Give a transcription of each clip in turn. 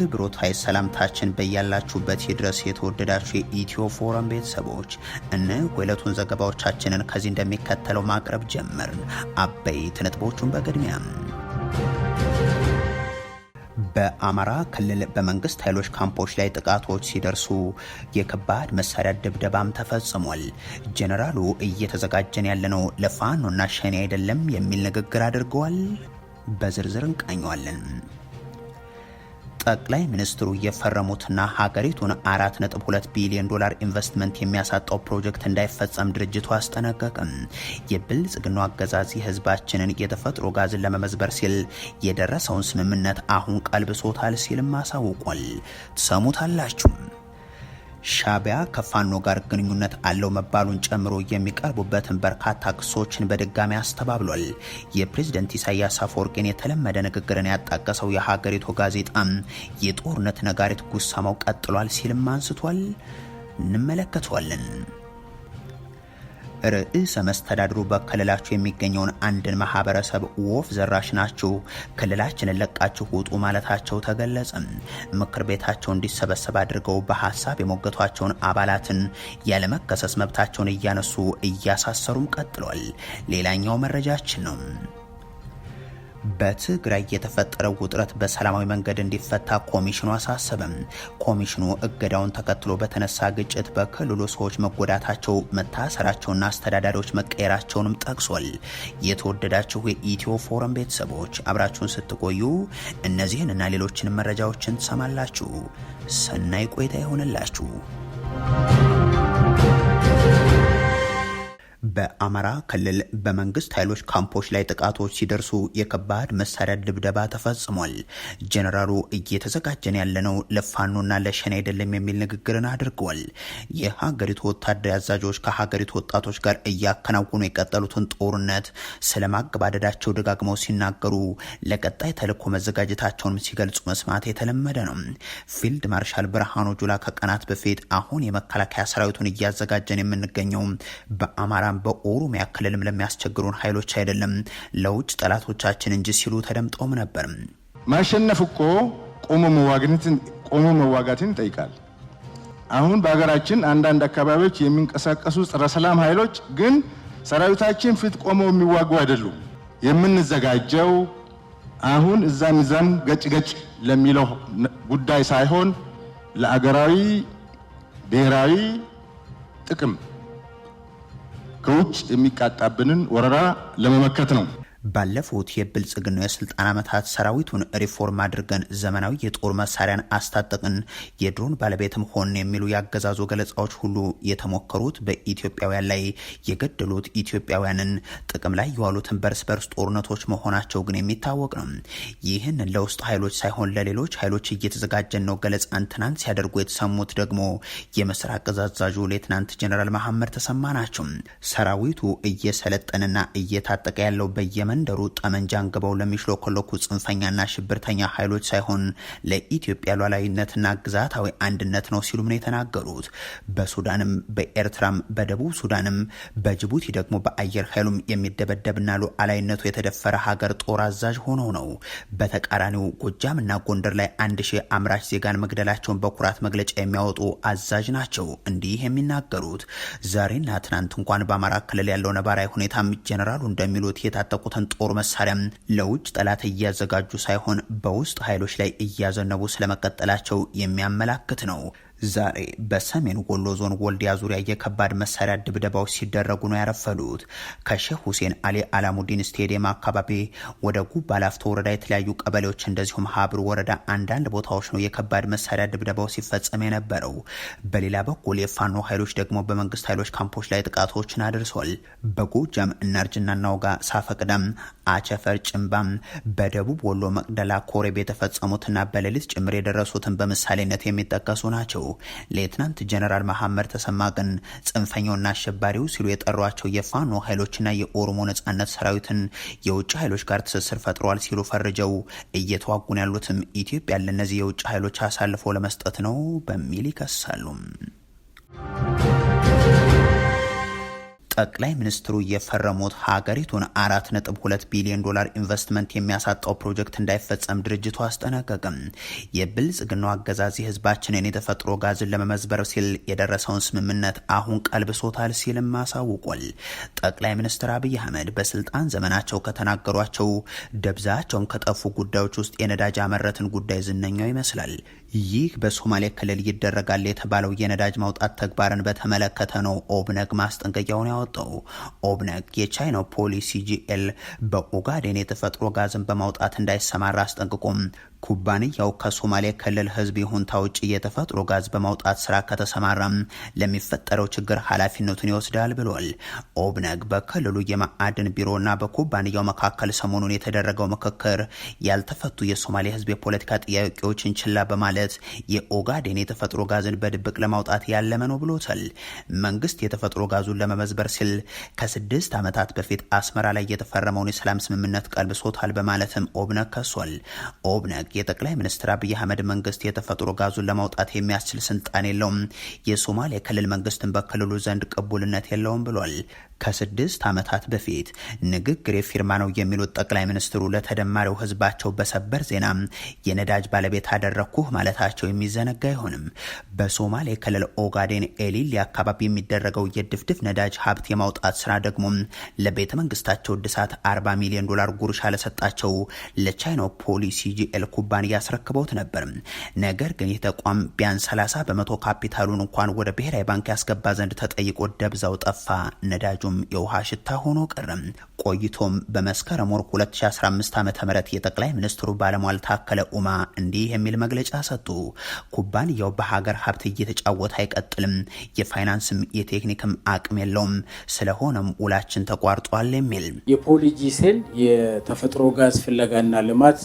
አክብሮታዊ ሰላምታችን በያላችሁበት ይድረስ። የተወደዳችሁ የኢትዮ ፎረም ቤተሰቦች እነ ሁለቱን ዘገባዎቻችንን ከዚህ እንደሚከተለው ማቅረብ ጀመርን። አበይት ነጥቦቹን በቅድሚያ በአማራ ክልል በመንግስት ኃይሎች ካምፖች ላይ ጥቃቶች ሲደርሱ የከባድ መሳሪያ ድብደባም ተፈጽሟል። ጄኔራሉ እየተዘጋጀን ያለነው ለፋኖና ሸኔ አይደለም የሚል ንግግር አድርገዋል። በዝርዝር እንቃኘዋለን። ጠቅላይ ሚኒስትሩ የፈረሙትና ሀገሪቱን 4.2 ቢሊዮን ዶላር ኢንቨስትመንት የሚያሳጣው ፕሮጀክት እንዳይፈጸም ድርጅቱ አስጠነቀቅም። የብልጽግናው አገዛዝ ህዝባችንን የተፈጥሮ ጋዝን ለመመዝበር ሲል የደረሰውን ስምምነት አሁን ቀልብሶታል ሲልም አሳውቋል። ትሰሙታላችሁም። ሻቢያ ከፋኖ ጋር ግንኙነት አለው መባሉን ጨምሮ የሚቀርቡበትን በርካታ ክሶችን በድጋሚ አስተባብሏል። የፕሬዝደንት ኢሳያስ አፈወርቂን የተለመደ ንግግርን ያጣቀሰው የሀገሪቱ ጋዜጣም የጦርነት ነጋሪት ጉሰማው ቀጥሏል ሲልም አንስቷል። እንመለከተዋለን። ርዕሰ መስተዳድሩ በክልላችሁ የሚገኘውን አንድን ማህበረሰብ ወፍ ዘራሽ ናችሁ፣ ክልላችንን ለቃችሁ ውጡ ማለታቸው ተገለጸ። ምክር ቤታቸው እንዲሰበሰብ አድርገው በሀሳብ የሞገቷቸውን አባላትን ያለመከሰስ መብታቸውን እያነሱ እያሳሰሩም ቀጥሏል። ሌላኛው መረጃችን ነው። በትግራይ የተፈጠረው ውጥረት በሰላማዊ መንገድ እንዲፈታ ኮሚሽኑ አሳሰበም። ኮሚሽኑ እገዳውን ተከትሎ በተነሳ ግጭት በክልሉ ሰዎች መጎዳታቸው፣ መታሰራቸውና አስተዳዳሪዎች መቀየራቸውንም ጠቅሷል። የተወደዳችሁ የኢትዮ ፎረም ቤተሰቦች አብራችሁን ስትቆዩ እነዚህን እና ሌሎችንም መረጃዎችን ትሰማላችሁ። ሰናይ ቆይታ ይሆንላችሁ። በአማራ ክልል በመንግስት ኃይሎች ካምፖች ላይ ጥቃቶች ሲደርሱ የከባድ መሳሪያ ድብደባ ተፈጽሟል። ጀኔራሉ እየተዘጋጀን ያለነው ለፋኖና ለሸኔ አይደለም የሚል ንግግርን አድርገዋል። የሀገሪቱ ወታደር አዛዦች ከሀገሪቱ ወጣቶች ጋር እያከናወኑ የቀጠሉትን ጦርነት ስለማገባደዳቸው ደጋግመው ሲናገሩ ለቀጣይ ተልዕኮ መዘጋጀታቸውንም ሲገልጹ መስማት የተለመደ ነው። ፊልድ ማርሻል ብርሃኑ ጁላ ከቀናት በፊት አሁን የመከላከያ ሰራዊቱን እያዘጋጀን የምንገኘው በአማራ በአማራም በኦሮሚያ ክልልም ለሚያስቸግሩን ኃይሎች አይደለም ለውጭ ጠላቶቻችን እንጂ ሲሉ ተደምጠውም ነበር። ማሸነፍ እኮ ቆሞ መዋጋትን ይጠይቃል። አሁን በሀገራችን አንዳንድ አካባቢዎች የሚንቀሳቀሱ ጸረ ሰላም ኃይሎች ግን ሰራዊታችን ፊት ቆመው የሚዋጉ አይደሉም። የምንዘጋጀው አሁን እዛም እዛም ገጭ ገጭ ለሚለው ጉዳይ ሳይሆን ለአገራዊ ብሔራዊ ጥቅም ከውጭ የሚቃጣብንን ወረራ ለመመከት ነው። ባለፉት የብልጽግና የስልጣን ዓመታት ሰራዊቱን ሪፎርም አድርገን ዘመናዊ የጦር መሳሪያን አስታጠቅን፣ የድሮን ባለቤትም ሆን የሚሉ የአገዛዙ ገለጻዎች ሁሉ የተሞከሩት በኢትዮጵያውያን ላይ የገደሉት ኢትዮጵያውያንን ጥቅም ላይ የዋሉትን በርስ በርስ ጦርነቶች መሆናቸው ግን የሚታወቅ ነው። ይህን ለውስጥ ኃይሎች ሳይሆን ለሌሎች ኃይሎች እየተዘጋጀን ነው ገለጻን ትናንት ሲያደርጉ የተሰሙት ደግሞ የምስራቅ እዝ አዛዡ ሌትናንት ጀኔራል መሐመድ ተሰማ ናቸው። ሰራዊቱ እየሰለጠንና እየታጠቀ ያለው በየ ከመንደሩ ጠመንጃ አንግበው ለሚሽሎኮሎኩ ጽንፈኛና ሽብርተኛ ኃይሎች ሳይሆን ለኢትዮጵያ ሉዓላዊነትና ግዛታዊ አንድነት ነው ሲሉም ነው የተናገሩት። በሱዳንም በኤርትራም በደቡብ ሱዳንም በጅቡቲ ደግሞ በአየር ኃይሉም የሚደበደብና ሉዓላዊነቱ የተደፈረ ሀገር ጦር አዛዥ ሆኖ ነው። በተቃራኒው ጎጃምና ጎንደር ላይ አንድ ሺህ አምራች ዜጋን መግደላቸውን በኩራት መግለጫ የሚያወጡ አዛዥ ናቸው እንዲህ የሚናገሩት። ዛሬና ትናንት እንኳን በአማራ ክልል ያለው ነባራዊ ሁኔታም ጀነራሉ እንደሚሉት የታጠቁት የጠላትን ጦር መሳሪያ ለውጭ ጠላት እያዘጋጁ ሳይሆን በውስጥ ኃይሎች ላይ እያዘነቡ ስለመቀጠላቸው የሚያመላክት ነው። ዛሬ በሰሜን ወሎ ዞን ወልዲያ ዙሪያ የከባድ መሳሪያ ድብደባዎች ሲደረጉ ነው ያረፈሉት። ከሼህ ሁሴን አሊ አላሙዲን ስቴዲየም አካባቢ ወደ ጉባ ላፍቶ ወረዳ የተለያዩ ቀበሌዎች እንደዚሁም ሀብር ወረዳ አንዳንድ ቦታዎች ነው የከባድ መሳሪያ ድብደባው ሲፈጸም የነበረው። በሌላ በኩል የፋኖ ኃይሎች ደግሞ በመንግስት ኃይሎች ካምፖች ላይ ጥቃቶችን አድርሷል። በጎጃም እናርጅና እናውጋ፣ ሳፈቅዳም፣ አቸፈር ጭንባም፣ በደቡብ ወሎ መቅደላ ኮሬብ የተፈጸሙትና በሌሊት ጭምር የደረሱትን በምሳሌነት የሚጠቀሱ ናቸው። ሌትናንት ጀነራል መሐመድ ተሰማ ግን ጽንፈኛውና አሸባሪው ሲሉ የጠሯቸው የፋኖ ኃይሎችና የኦሮሞ ነጻነት ሰራዊትን የውጭ ኃይሎች ጋር ትስስር ፈጥረዋል ሲሉ ፈርጀው እየተዋጉን ያሉትም ኢትዮጵያ ለእነዚህ የውጭ ኃይሎች አሳልፎ ለመስጠት ነው በሚል ይከሳሉ። ጠቅላይ ሚኒስትሩ የፈረሙት ሀገሪቱን 4.2 ቢሊዮን ዶላር ኢንቨስትመንት የሚያሳጣው ፕሮጀክት እንዳይፈጸም ድርጅቱ አስጠነቀቅም። የብልጽግናው አገዛዝ ህዝባችንን የተፈጥሮ ጋዝን ለመመዝበር ሲል የደረሰውን ስምምነት አሁን ቀልብሶታል ሲልም አሳውቋል። ጠቅላይ ሚኒስትር አብይ አህመድ በስልጣን ዘመናቸው ከተናገሯቸው ደብዛቸውም ከጠፉ ጉዳዮች ውስጥ የነዳጅ አመረትን ጉዳይ ዝነኛው ይመስላል። ይህ በሶማሌ ክልል ይደረጋል የተባለው የነዳጅ ማውጣት ተግባርን በተመለከተ ነው ኦብነግ ማስጠንቀቂያውን ያወጣ የተቆረጠው ኦብነግ የቻይናው ፖሊሲ ጂኤል በኦጋዴን የተፈጥሮ ጋዝን በማውጣት እንዳይሰማራ አስጠንቅቆም ኩባንያው ከሶማሌ ክልል ህዝብ ይሁንታ ውጭ የተፈጥሮ ጋዝ በማውጣት ስራ ከተሰማራም ለሚፈጠረው ችግር ኃላፊነቱን ይወስዳል ብሏል። ኦብነግ በክልሉ የማዕድን ቢሮና በኩባንያው መካከል ሰሞኑን የተደረገው ምክክር ያልተፈቱ የሶማሌ ህዝብ የፖለቲካ ጥያቄዎችን ችላ በማለት የኦጋዴን የተፈጥሮ ጋዝን በድብቅ ለማውጣት ያለመ ነው ብሎታል። መንግስት የተፈጥሮ ጋዙን ለመመዝበር ሲል ከስድስት ዓመታት በፊት አስመራ ላይ የተፈረመውን የሰላም ስምምነት ቀልብሶታል በማለትም ኦብነግ ከሷል። ኦብነግ የጠቅላይ ሚኒስትር አብይ አህመድ መንግስት የተፈጥሮ ጋዙን ለማውጣት የሚያስችል ስልጣን የለውም፣ የሶማሌ ክልል መንግስትን በክልሉ ዘንድ ቅቡልነት የለውም ብሏል። ከስድስት ዓመታት በፊት ንግግር የፊርማ ነው የሚሉት ጠቅላይ ሚኒስትሩ ለተደማሪው ህዝባቸው በሰበር ዜና የነዳጅ ባለቤት አደረግኩህ ማለታቸው የሚዘነጋ አይሆንም። በሶማሌ ክልል ኦጋዴን ኤሊሊ አካባቢ የሚደረገው የድፍድፍ ነዳጅ ሀብት የማውጣት ስራ ደግሞ ለቤተ መንግስታቸው እድሳት 40 ሚሊዮን ዶላር ጉርሻ ለሰጣቸው ለቻይናው ፖሊሲ ጂኤልኮ ኩባንያ አስረክበውት ነበር። ነገር ግን ይህ ተቋም ቢያንስ 30 በመቶ ካፒታሉን እንኳን ወደ ብሔራዊ ባንክ ያስገባ ዘንድ ተጠይቆ ደብዛው ጠፋ። ነዳጁም የውሃ ሽታ ሆኖ ቀረ። ቆይቶም በመስከረም ወር 2015 ዓ ም የጠቅላይ ሚኒስትሩ ባለሟል ታከለ ኡማ እንዲህ የሚል መግለጫ ሰጡ። ኩባንያው በሀገር ሀብት እየተጫወተ አይቀጥልም፣ የፋይናንስም የቴክኒክም አቅም የለውም። ስለሆነም ውላችን ተቋርጧል የሚል የፖሊጂ ሴል የተፈጥሮ ጋዝ ፍለጋና ልማት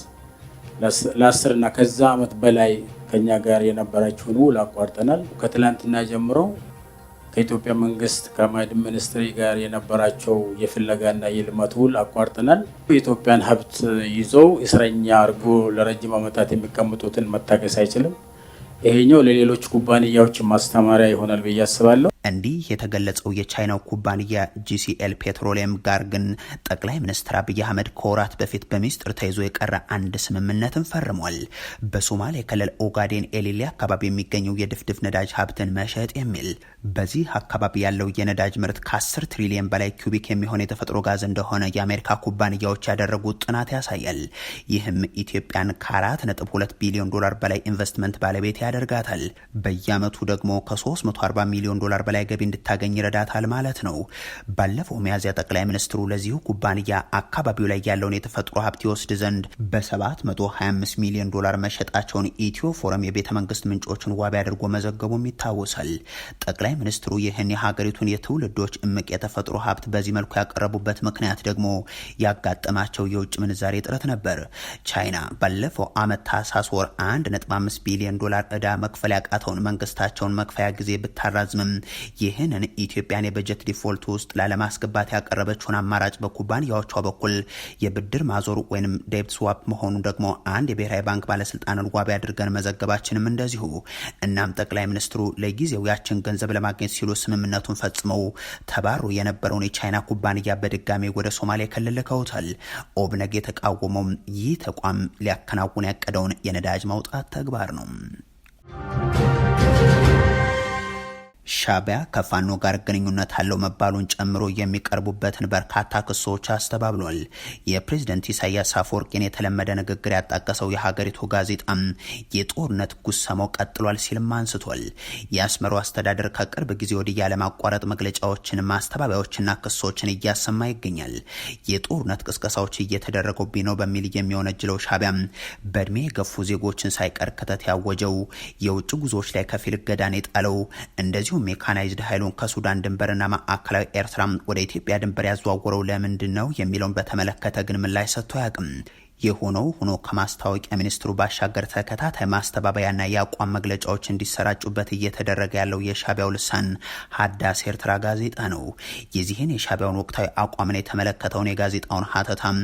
ለአስር እና ከዛ ዓመት በላይ ከኛ ጋር የነበራችሁን ውል አቋርጠናል። ከትላንትና ጀምሮ ከኢትዮጵያ መንግስት ከማዕድን ሚኒስትሪ ጋር የነበራቸው የፍለጋና የልማት ውል አቋርጠናል። የኢትዮጵያን ሀብት ይዘው እስረኛ አድርጎ ለረጅም ዓመታት የሚቀምጡትን መታገስ አይችልም። ይሄኛው ለሌሎች ኩባንያዎች ማስተማሪያ ይሆናል ብዬ አስባለሁ። እንዲህ የተገለጸው የቻይናው ኩባንያ ጂሲኤል ፔትሮሊየም ጋር ግን ጠቅላይ ሚኒስትር አብይ አህመድ ከወራት በፊት በሚስጥር ተይዞ የቀረ አንድ ስምምነትን ፈርሟል። በሶማሌ ክልል ኦጋዴን ኤሊሌ አካባቢ የሚገኘው የድፍድፍ ነዳጅ ሀብትን መሸጥ የሚል በዚህ አካባቢ ያለው የነዳጅ ምርት ከ10 ትሪሊየን በላይ ኪዩቢክ የሚሆን የተፈጥሮ ጋዝ እንደሆነ የአሜሪካ ኩባንያዎች ያደረጉት ጥናት ያሳያል። ይህም ኢትዮጵያን ከ4.2 ቢሊዮን ዶላር በላይ ኢንቨስትመንት ባለቤት ያደርጋታል። በየአመቱ ደግሞ ከ340 ሚሊዮን ዶላር በላይ በላይ ገቢ እንድታገኝ ይረዳታል ማለት ነው። ባለፈው ሚያዝያ ጠቅላይ ሚኒስትሩ ለዚሁ ኩባንያ አካባቢው ላይ ያለውን የተፈጥሮ ሀብት ይወስድ ዘንድ በ725 ሚሊዮን ዶላር መሸጣቸውን ኢትዮ ፎረም የቤተ መንግስት ምንጮችን ዋቢ አድርጎ መዘገቡም ይታወሳል። ጠቅላይ ሚኒስትሩ ይህን የሀገሪቱን የትውልዶች እምቅ የተፈጥሮ ሀብት በዚህ መልኩ ያቀረቡበት ምክንያት ደግሞ ያጋጠማቸው የውጭ ምንዛሬ እጥረት ነበር። ቻይና ባለፈው አመት ታህሳስ ወር 1.5 ቢሊዮን ዶላር እዳ መክፈል ያቃተውን መንግስታቸውን መክፈያ ጊዜ ብታራዝምም ይህንን ኢትዮጵያን የበጀት ዲፎልት ውስጥ ላለማስገባት ያቀረበችውን አማራጭ በኩባንያዎቿ በኩል የብድር ማዞር ወይም ዴብት ስዋፕ መሆኑ ደግሞ አንድ የብሔራዊ ባንክ ባለስልጣን ዋቢ አድርገን መዘገባችንም እንደዚሁ። እናም ጠቅላይ ሚኒስትሩ ለጊዜው ያችን ገንዘብ ለማግኘት ሲሉ ስምምነቱን ፈጽመው ተባሮ የነበረውን የቻይና ኩባንያ በድጋሚ ወደ ሶማሌ ክልል ልከውታል። ኦብነግ የተቃወመውም ይህ ተቋም ሊያከናውን ያቀደውን የነዳጅ ማውጣት ተግባር ነው። ሻቢያ ከፋኖ ጋር ግንኙነት አለው መባሉን ጨምሮ የሚቀርቡበትን በርካታ ክሶች አስተባብሏል። የፕሬዝደንት ኢሳያስ አፈወርቂን የተለመደ ንግግር ያጣቀሰው የሀገሪቱ ጋዜጣም የጦርነት ጉሰማው ቀጥሏል ሲልም አንስቷል። የአስመራው አስተዳደር ከቅርብ ጊዜ ወዲህ ያለማቋረጥ መግለጫዎችን፣ ማስተባበያዎችና ክሶችን እያሰማ ይገኛል። የጦርነት ቅስቀሳዎች እየተደረጉብኝ ነው በሚል የሚወነጅለው ሻቢያ በእድሜ የገፉ ዜጎችን ሳይቀር ክተት ያወጀው፣ የውጭ ጉዞዎች ላይ ከፊል እገዳን የጣለው እንደዚሁ ልዩ ሜካናይዝድ ኃይሉን ከሱዳን ድንበርና ማዕከላዊ ኤርትራ ወደ ኢትዮጵያ ድንበር ያዘዋወረው ለምንድን ነው የሚለውን በተመለከተ ግን ምላሽ ሰጥቶ አያውቅም። የሆነው ሆኖ ከማስታወቂያ ሚኒስትሩ ባሻገር ተከታታይ ማስተባበያና የአቋም መግለጫዎች እንዲሰራጩበት እየተደረገ ያለው የሻቢያው ልሳን ሀዳስ ኤርትራ ጋዜጣ ነው። የዚህን የሻቢያውን ወቅታዊ አቋምን የተመለከተውን የጋዜጣውን ሀተታም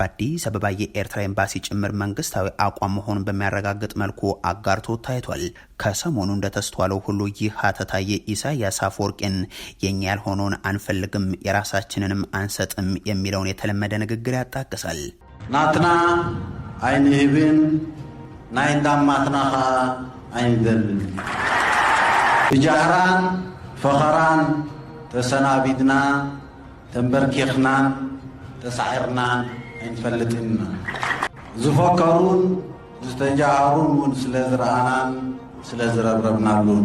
በአዲስ አበባ የኤርትራ ኤምባሲ ጭምር መንግስታዊ አቋም መሆኑን በሚያረጋግጥ መልኩ አጋርቶ ታይቷል። ከሰሞኑ እንደተስተዋለው ሁሉ ይህ ሀተታ የኢሳያስ አፈወርቂን የኛ ያልሆነውን አንፈልግም የራሳችንንም አንሰጥም የሚለውን የተለመደ ንግግር ያጣቅሳል። ናትና አይንህብን ማትና ከዓ ኣይንደልን ብጃህራን ፈኸራን ተሰናቢድና ተንበርኪኽናን ተሳዒርናን ኣይንፈልጥና ዝፈከሩን ዝተጃሃሩን እውን ስለ ዝረኣናን ስለ ዝረብረብናሉን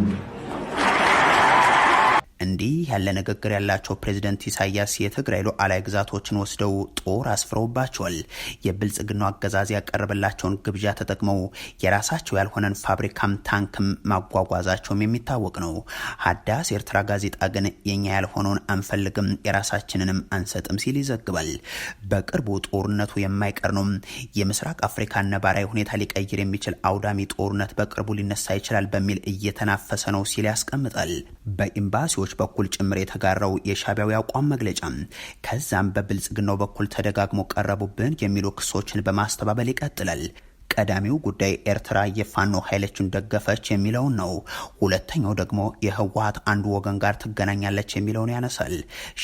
እንዲህ ያለ ንግግር ያላቸው ፕሬዚደንት ኢሳያስ የትግራይ ሉዓላዊ ግዛቶችን ወስደው ጦር አስፍረውባቸዋል። የብልጽግናው አገዛዝ ያቀረበላቸውን ግብዣ ተጠቅመው የራሳቸው ያልሆነን ፋብሪካም ታንክም ማጓጓዛቸውም የሚታወቅ ነው። ሀዳስ ኤርትራ ጋዜጣ ግን የኛ ያልሆነውን አንፈልግም የራሳችንንም አንሰጥም ሲል ይዘግባል። በቅርቡ ጦርነቱ የማይቀር ነው፣ የምስራቅ አፍሪካ ነባራዊ ሁኔታ ሊቀይር የሚችል አውዳሚ ጦርነት በቅርቡ ሊነሳ ይችላል በሚል እየተናፈሰ ነው ሲል ያስቀምጣል። በኤምባሲዎች ኃይሎች በኩል ጭምር የተጋራው የሻቢያው አቋም መግለጫ ከዛም በብልጽግናው በኩል ተደጋግሞ ቀረቡብን የሚሉ ክሶችን በማስተባበል ይቀጥላል። ቀዳሚው ጉዳይ ኤርትራ የፋኖ ኃይሎችን ደገፈች የሚለውን ነው። ሁለተኛው ደግሞ የህወሀት አንዱ ወገን ጋር ትገናኛለች የሚለውን ያነሳል።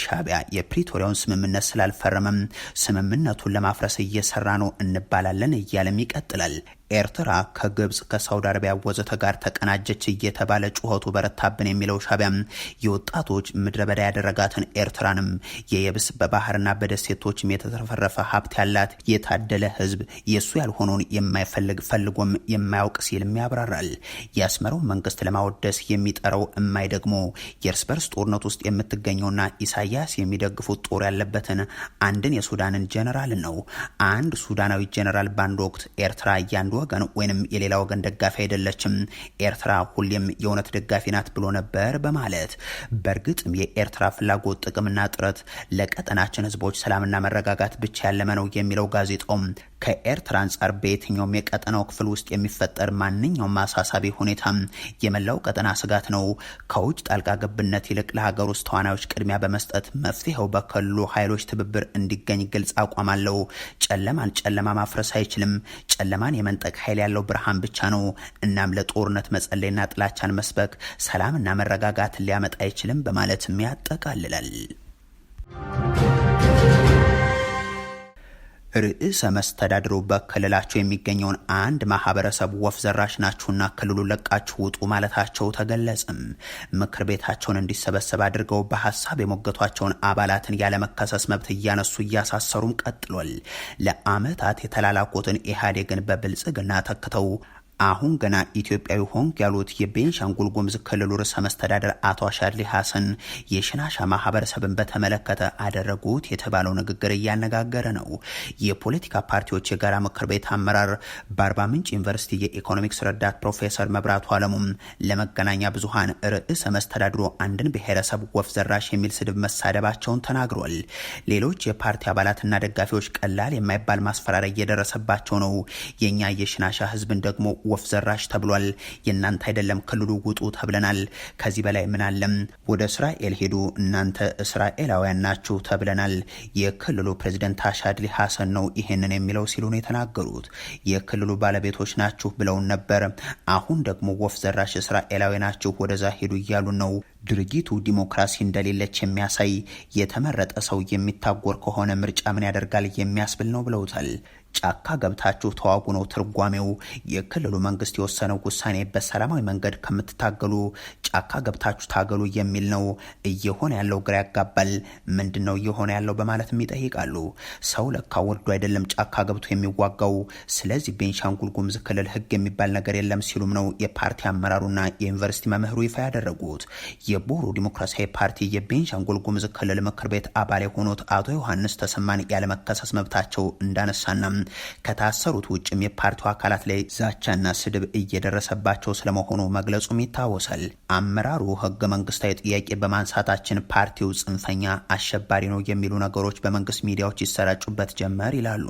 ሻቢያ የፕሪቶሪያውን ስምምነት ስላልፈረመም ስምምነቱን ለማፍረስ እየሰራ ነው እንባላለን እያለም ይቀጥላል። ኤርትራ ከግብጽ ከሳውዲ አረቢያ ወዘተ ጋር ተቀናጀች እየተባለ ጩኸቱ በረታብን የሚለው ሻቢያ የወጣቶች ምድረ በዳ ያደረጋትን ኤርትራንም የየብስ በባህርና በደሴቶችም የተትረፈረፈ ሀብት ያላት የታደለ ህዝብ የእሱ ያልሆነውን የማይፈልግ ፈልጎም የማያውቅ ሲልም ያብራራል። የአስመራው መንግስት ለማወደስ የሚጠራው እማይ ደግሞ የእርስ በርስ ጦርነት ውስጥ የምትገኘውና ኢሳያስ የሚደግፉት ጦር ያለበትን አንድን የሱዳንን ጀነራል ነው። አንድ ሱዳናዊ ጀነራል በአንድ ወቅት ኤርትራ እያንዱ ወገን ወይንም የሌላ ወገን ደጋፊ አይደለችም፣ ኤርትራ ሁሌም የእውነት ደጋፊ ናት ብሎ ነበር በማለት በእርግጥም የኤርትራ ፍላጎት ጥቅምና ጥረት ለቀጠናችን ህዝቦች ሰላምና መረጋጋት ብቻ ያለመ ነው የሚለው ጋዜጣውም ከኤርትራ አንጻር በየትኛውም የቀጠናው ክፍል ውስጥ የሚፈጠር ማንኛውም አሳሳቢ ሁኔታ የመላው ቀጠና ስጋት ነው። ከውጭ ጣልቃ ገብነት ይልቅ ለሀገር ውስጥ ተዋናዮች ቅድሚያ በመስጠት መፍትሄው በክልሉ ኃይሎች ትብብር እንዲገኝ ግልጽ አቋም አለው። ጨለማን ጨለማ ማፍረስ አይችልም። ጨለማን የመንጠቅ ኃይል ያለው ብርሃን ብቻ ነው። እናም ለጦርነት መጸለይና ጥላቻን መስበክ ሰላምና መረጋጋትን ሊያመጣ አይችልም በማለትም ያጠቃልላል። ርዕሰ መስተዳድሩ በክልላቸው የሚገኘውን አንድ ማህበረሰብ ወፍ ዘራሽ ናችሁና ክልሉን ለቃችሁ ውጡ ማለታቸው ተገለጽም። ምክር ቤታቸውን እንዲሰበሰብ አድርገው በሀሳብ የሞገቷቸውን አባላትን ያለመከሰስ መብት እያነሱ እያሳሰሩም ቀጥሏል። ለአመታት የተላላኩትን ኢህአዴግን በብልጽግና ተክተው አሁን ገና ኢትዮጵያዊ ሆንክ ያሉት የቤንሻንጉል ጉሙዝ ክልሉ ርዕሰ መስተዳደር አቶ አሻድሊ ሀሰን የሽናሻ ማህበረሰብን በተመለከተ አደረጉት የተባለው ንግግር እያነጋገረ ነው። የፖለቲካ ፓርቲዎች የጋራ ምክር ቤት አመራር በአርባ ምንጭ ዩኒቨርሲቲ የኢኮኖሚክስ ረዳት ፕሮፌሰር መብራቱ አለሙም ለመገናኛ ብዙሃን ርዕሰ መስተዳድሩ አንድን ብሔረሰብ ወፍ ዘራሽ የሚል ስድብ መሳደባቸውን ተናግሯል። ሌሎች የፓርቲ አባላትና ደጋፊዎች ቀላል የማይባል ማስፈራሪያ እየደረሰባቸው ነው። የእኛ የሽናሻ ህዝብን ደግሞ ወፍ ዘራሽ ተብሏል። የእናንተ አይደለም ክልሉ ውጡ ተብለናል። ከዚህ በላይ ምን አለም? ወደ እስራኤል ሄዱ፣ እናንተ እስራኤላውያን ናችሁ ተብለናል። የክልሉ ፕሬዚደንት አሻድሊ ሀሰን ነው ይሄንን የሚለው ሲሉ ነው የተናገሩት። የክልሉ ባለቤቶች ናችሁ ብለውን ነበር። አሁን ደግሞ ወፍ ዘራሽ እስራኤላዊ ናችሁ፣ ወደዛ ሄዱ እያሉ ነው። ድርጊቱ ዲሞክራሲ እንደሌለች የሚያሳይ የተመረጠ ሰው የሚታጎር ከሆነ ምርጫ ምን ያደርጋል የሚያስብል ነው ብለውታል። ጫካ ገብታችሁ ተዋጉ ነው ትርጓሜው። የክልሉ መንግስት የወሰነው ውሳኔ በሰላማዊ መንገድ ከምትታገሉ ጫካ ገብታችሁ ታገሉ የሚል ነው። እየሆነ ያለው ግራ ያጋባል። ምንድን ነው እየሆነ ያለው በማለትም ይጠይቃሉ። ሰው ለካ ወርዶ አይደለም ጫካ ገብቶ የሚዋጋው። ስለዚህ ቤንሻንጉል ጉምዝ ክልል ህግ የሚባል ነገር የለም ሲሉም ነው የፓርቲ አመራሩና የዩኒቨርሲቲ መምህሩ ይፋ ያደረጉት። የቦሮ ዲሞክራሲያዊ ፓርቲ የቤንሻንጉል ጉምዝ ክልል ምክር ቤት አባል የሆኑት አቶ ዮሐንስ ተሰማን ያለመከሰስ መብታቸው እንዳነሳና ከታሰሩት ውጭም የፓርቲው አካላት ላይ ዛቻና ስድብ እየደረሰባቸው ስለመሆኑ መግለጹም ይታወሳል። አመራሩ ህገ መንግስታዊ ጥያቄ በማንሳታችን ፓርቲው ጽንፈኛ፣ አሸባሪ ነው የሚሉ ነገሮች በመንግስት ሚዲያዎች ይሰራጩበት ጀመር ይላሉ።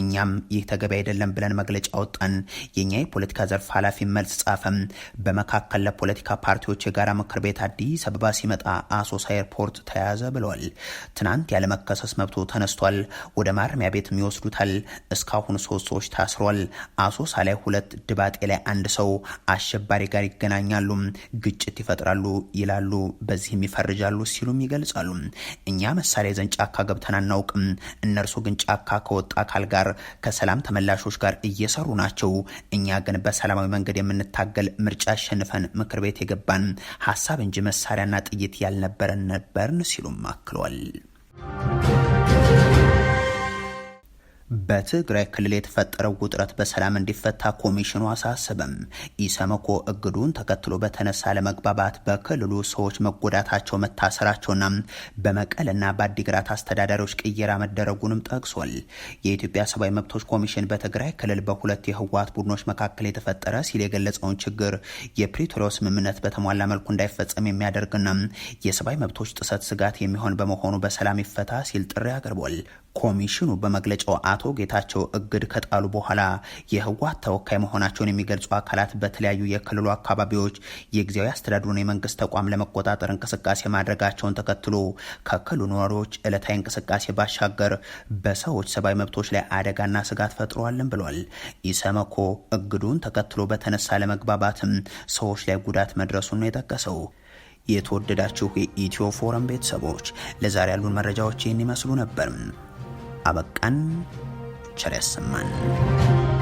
እኛም ይህ ተገቢ አይደለም ብለን መግለጫ አወጣን። የኛ የፖለቲካ ዘርፍ ኃላፊ መልስ ጻፈም። በመካከል ለፖለቲካ ፓርቲዎች የጋራ ምክር ቤት አዲስ አበባ ሲመጣ አሶሳ ኤርፖርት ተያዘ ብለዋል። ትናንት ያለመከሰስ መብቶ ተነስቷል። ወደ ማረሚያ ቤትም ይወስዱታል። እስካሁን ሶስት ሰዎች ታስሯል። አሶሳ ላይ ሁለት፣ ድባጤ ላይ አንድ ሰው አሸባሪ ጋር ይገናኛሉ፣ ግጭት ይፈጥራሉ ይላሉ፣ በዚህም ይፈርጃሉ ሲሉም ይገልጻሉ። እኛ መሳሪያ ይዘን ጫካ ገብተን አናውቅም፣ እነርሱ ግን ጫካ ከወጣ አካል ጋር ከሰላም ተመላሾች ጋር እየሰሩ ናቸው። እኛ ግን በሰላማዊ መንገድ የምንታገል ምርጫ አሸንፈን ምክር ቤት የገባን ሀሳብ እንጂ መሳሪያና ጥይት ያልነበረን ነበርን ሲሉም አክሏል። በትግራይ ክልል የተፈጠረው ውጥረት በሰላም እንዲፈታ ኮሚሽኑ አሳሰበም። ኢሰመኮ እግዱን ተከትሎ በተነሳ ለመግባባት በክልሉ ሰዎች መጎዳታቸው፣ መታሰራቸውና በመቀለና በአዲግራት አስተዳዳሪዎች ቅየራ መደረጉንም ጠቅሷል። የኢትዮጵያ ሰብአዊ መብቶች ኮሚሽን በትግራይ ክልል በሁለት የህወሓት ቡድኖች መካከል የተፈጠረ ሲል የገለጸውን ችግር የፕሪቶሪያው ስምምነት በተሟላ መልኩ እንዳይፈጸም የሚያደርግና የሰብአዊ መብቶች ጥሰት ስጋት የሚሆን በመሆኑ በሰላም ይፈታ ሲል ጥሪ አቅርቧል። ኮሚሽኑ በመግለጫው አቶ ጌታቸው እግድ ከጣሉ በኋላ የህወሓት ተወካይ መሆናቸውን የሚገልጹ አካላት በተለያዩ የክልሉ አካባቢዎች የጊዜያዊ አስተዳድሩን የመንግስት ተቋም ለመቆጣጠር እንቅስቃሴ ማድረጋቸውን ተከትሎ ከክልሉ ነዋሪዎች ዕለታዊ እንቅስቃሴ ባሻገር በሰዎች ሰብአዊ መብቶች ላይ አደጋና ስጋት ፈጥረዋልን ብሏል። ኢሰመኮ እግዱን ተከትሎ በተነሳ ለመግባባትም ሰዎች ላይ ጉዳት መድረሱን ነው የጠቀሰው። የተወደዳችሁ የኢትዮ ፎረም ቤተሰቦች ለዛሬ ያሉን መረጃዎች ይህን ይመስሉ ነበር። አበቃን። ቸር ያሰማን።